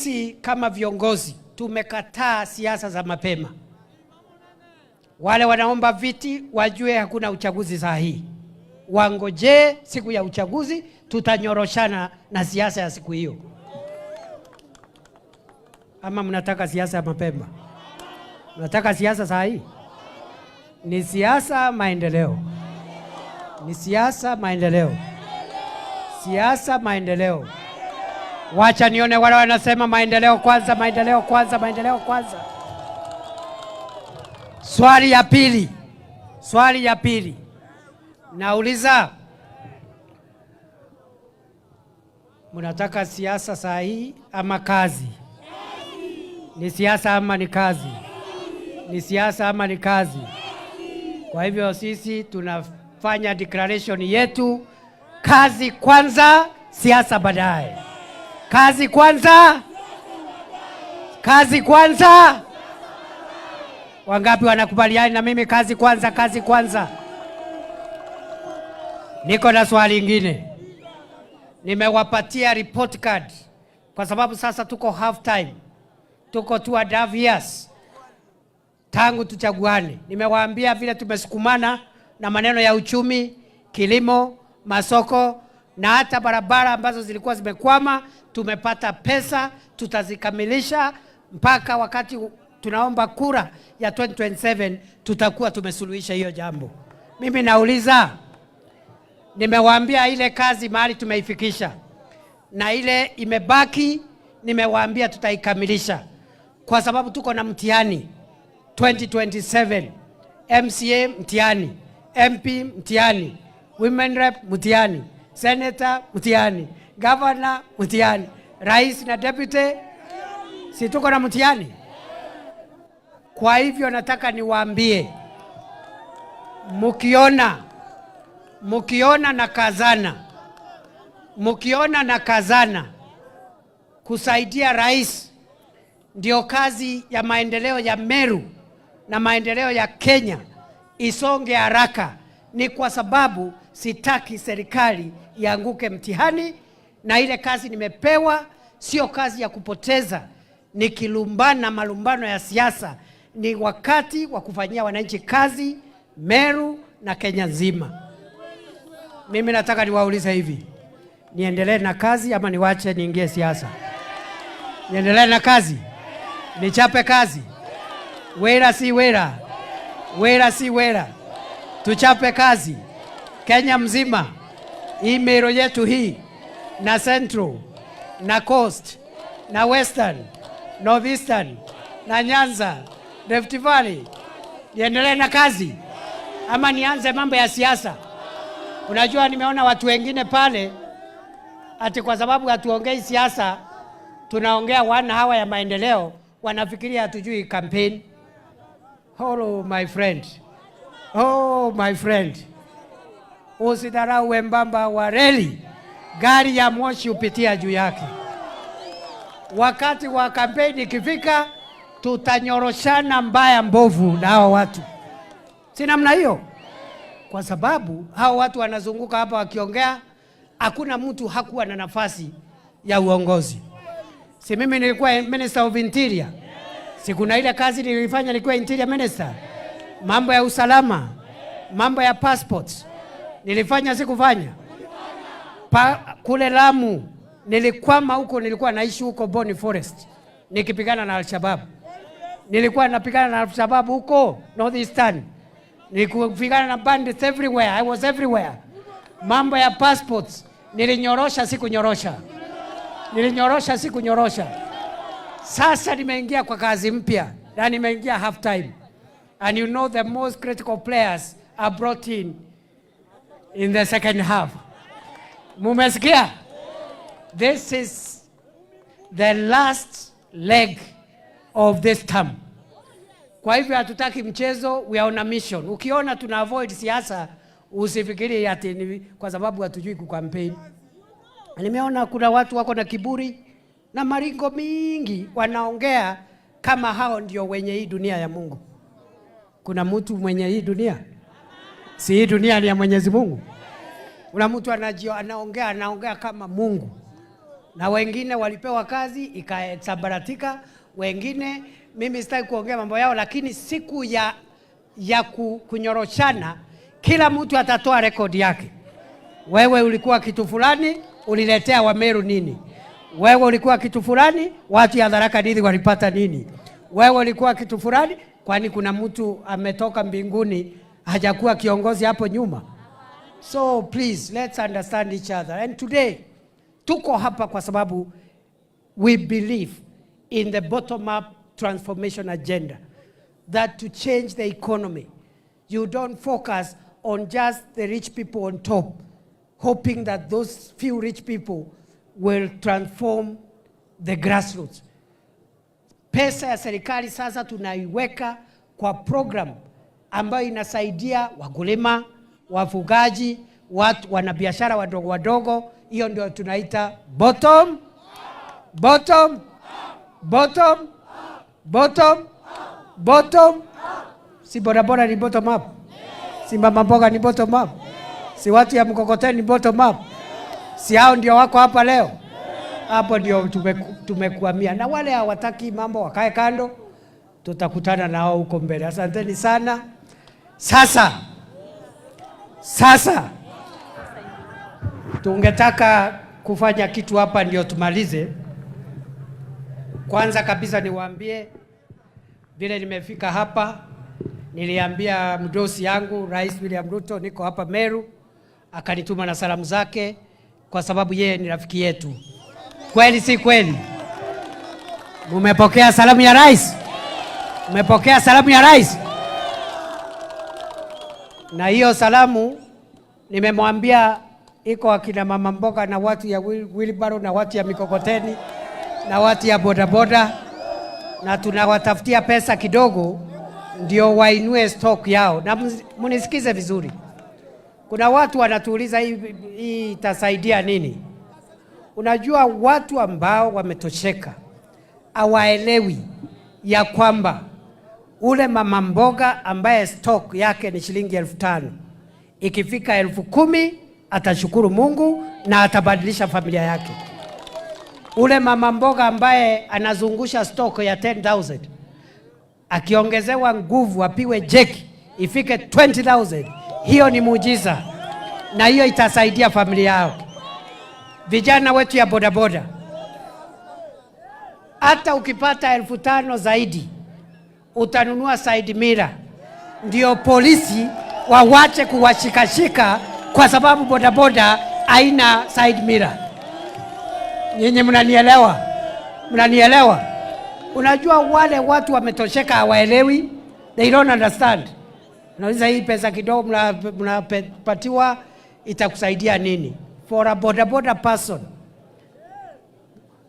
sisi kama viongozi tumekataa siasa za mapema. Wale wanaomba viti wajue hakuna uchaguzi saa hii, wangojee siku ya uchaguzi, tutanyoroshana na siasa ya siku hiyo. Ama mnataka siasa ya mapema? Mnataka siasa saa hii? Ni siasa maendeleo, ni siasa maendeleo, siasa maendeleo. Wacha nione wale wanasema maendeleo kwanza, maendeleo kwanza, maendeleo kwanza. Swali ya pili, swali ya pili nauliza, mnataka siasa hii ama kazi? Ni siasa ama ni kazi? Ni siasa ama ni kazi? Kwa hivyo sisi tunafanya declaration yetu, kazi kwanza, siasa baadaye. Kazi kwanza, kazi kwanza. Wangapi wanakubaliana na mimi? Kazi kwanza, kazi kwanza. Niko na swali lingine, nimewapatia report card kwa sababu sasa tuko half time, tuko tu adavias tangu tuchaguane. Nimewaambia vile tumesukumana na maneno ya uchumi, kilimo, masoko na hata barabara ambazo zilikuwa zimekwama tumepata pesa, tutazikamilisha mpaka wakati tunaomba kura ya 2027 tutakuwa tumesuluhisha hiyo jambo. Mimi nauliza, nimewaambia ile kazi mahali tumeifikisha na ile imebaki, nimewaambia tutaikamilisha, kwa sababu tuko na mtihani 2027, MCA mtihani, MP mtihani, women rep mtihani seneta mtihani, gavana mtihani, rais na deputy, si tuko na mtihani. Kwa hivyo nataka niwaambie, mkiona mkiona na kazana, mkiona na kazana kusaidia rais, ndio kazi ya maendeleo ya Meru na maendeleo ya Kenya isonge haraka ni kwa sababu sitaki serikali ianguke mtihani, na ile kazi nimepewa sio kazi ya kupoteza nikilumbana malumbano ya siasa. Ni wakati wa kufanyia wananchi kazi Meru na Kenya nzima. Mimi nataka niwaulize hivi, niendelee na kazi ama niwache niingie siasa? Niendelee na kazi, nichape kazi? Wera si wera? Wera si wera? tuchape kazi Kenya mzima, hii mero yetu hii na Central na Coast na Western, Northeastern na Nyanza, Rift Valley, niendelee na kazi ama nianze mambo ya siasa? Unajua, nimeona watu wengine pale ati kwa sababu hatuongei siasa, tunaongea wana hawa ya maendeleo, wanafikiria hatujui campaign. Hello my friend. Oh my friend, usidharau wembamba wa reli, gari ya moshi hupitia juu yake. Wakati wa kampeni ikifika, tutanyoroshana mbaya mbovu na hao watu, si namna hiyo? Kwa sababu hao watu wanazunguka hapa wakiongea, hakuna mtu hakuwa na nafasi ya uongozi. Si mimi nilikuwa minister of interior, si kuna ile kazi nilifanya, nilikuwa interior minister mambo ya usalama, mambo ya passports nilifanya, sikufanya pa, kule Lamu nilikwama huko, nilikuwa naishi huko Boni Forest nikipigana na Alshabab. Nilikuwa napigana na Alshabab huko North Northeastern, nilikupigana na bandits everywhere, I was everywhere. Mambo ya passports nilinyorosha, sikunyorosha, nilinyorosha, sikunyorosha. Sasa nimeingia kwa kazi mpya na nimeingia half time. And you know the most critical players are brought in in the second half. Mumesikia? This is the last leg of this term. Kwa hivyo hatutaki mchezo, we are on a mission. Ukiona tuna avoid siasa, usifikiri ati ni kwa sababu hatujui kukampeni. Nimeona kuna watu wako na kiburi na maringo mingi, wanaongea kama hao ndio wenye hii dunia ya Mungu. Kuna mtu mwenye hii dunia? Si hii dunia ni ya Mwenyezi Mungu. Kuna mtu anajio, anaongea anaongea kama Mungu, na wengine walipewa kazi ikasabaratika. Wengine mimi sitaki kuongea mambo yao, lakini siku ya, ya kunyoroshana kila mtu atatoa rekodi yake. Wewe ulikuwa kitu fulani, uliletea Wameru nini? Wewe ulikuwa kitu fulani, watu ya Tharaka Nithi walipata nini? Wewe ulikuwa kitu fulani Kwani kuna mtu ametoka mbinguni hajakuwa kiongozi hapo nyuma? So please let's understand each other. And today tuko hapa kwa sababu we believe in the bottom up transformation agenda that to change the economy you don't focus on just the rich people on top hoping that those few rich people will transform the grassroots. Pesa ya serikali sasa tunaiweka kwa program ambayo inasaidia wakulima, wafugaji, watu wanabiashara wadogo wadogo. Hiyo ndio tunaita bottom bottom bottom bottom bottom. Si bodaboda ni bottom up? Si mama mboga ni bottom up? Si watu ya mkokoteni ni bottom up? Si hao ndio wako hapa leo? Hapo ndio tumekuamia na wale hawataki mambo wakae kando, tutakutana nao huko mbele. Asanteni sana. Sasa sasa tungetaka kufanya kitu hapa ndio tumalize. Kwanza kabisa niwaambie vile nimefika hapa. Niliambia mdosi yangu Rais William Ruto niko hapa Meru, akanituma na salamu zake kwa sababu yeye ni rafiki yetu. Kweli si kweli? Umepokea salamu ya rais? Umepokea salamu ya rais? Na hiyo salamu nimemwambia iko akina mama mboga na watu ya wilibaro na watu ya mikokoteni na watu ya bodaboda, na tunawatafutia pesa kidogo ndio wainue stock yao. Na munisikize vizuri, kuna watu wanatuuliza hii itasaidia nini? Unajua watu ambao wametosheka hawaelewi ya kwamba ule mama mboga ambaye stock yake ni shilingi elfu tano ikifika elfu kumi atashukuru Mungu na atabadilisha familia yake. Ule mama mboga ambaye anazungusha stock ya 10000 akiongezewa nguvu, apiwe jeki ifike 20000 hiyo ni muujiza, na hiyo itasaidia familia yake vijana wetu ya bodaboda. Hata ukipata elfu tano zaidi utanunua side mirror, ndio polisi wawache kuwashikashika kwa sababu bodaboda haina side mirror. Nyinyi mnanielewa? Mnanielewa? Unajua wale watu wametosheka, hawaelewi, they don't understand. Nauliza hii pesa kidogo mnapatiwa itakusaidia nini? for a bodaboda person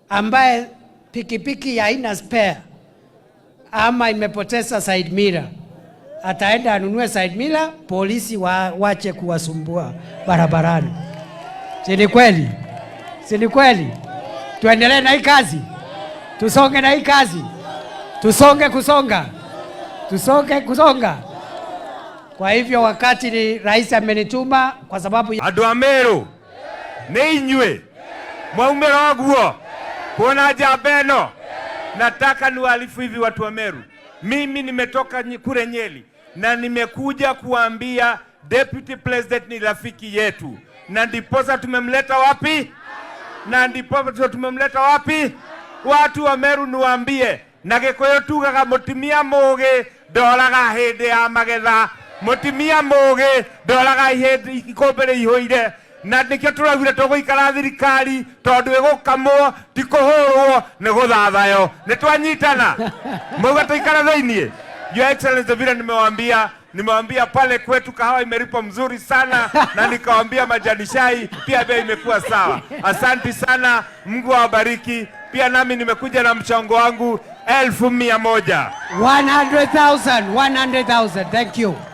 ambaye pikipiki haina spare ama imepoteza side mirror, ataenda anunue side mirror, polisi wa, wache kuwasumbua barabarani. Si ni kweli? Si ni kweli? Tuendelee na hii kazi, tusonge na hii kazi, tusonge kusonga, tusonge kusonga. Kwa hivyo wakati ni rais amenituma kwa sababu ya nĩ inyuĩ mwaumĩra ũguo kuona jamba ĩno nataka niwaalifu hivi watu wa Meru. Mimi nimetoka kule nyeli na nimekuja kuambia Deputy President ni rafiki yetu, na ndiposa tumemleta wapi? Na ndiposa tumemleta wapi? Watu wa Meru niwaambie, na Gikuyu tugaga mutumia mugi ndoraga hindi ya magetha, mutumia mugi ndoraga ikumbi riihũire na ndikio turaugire tuguikara thirikari tondu igukamwo ti kuhurwo ni guthathayo ni twanyitana mauga tuikara thainie your excellency vile nimewambia nimewambia pale kwetu kahawa imelipa mzuri sana na nikawambia majani chai pia bei imekuwa sawa asanti sana mungu awabariki pia nami nimekuja na mchango wangu elfu mia moja 100,000 100,000 thank you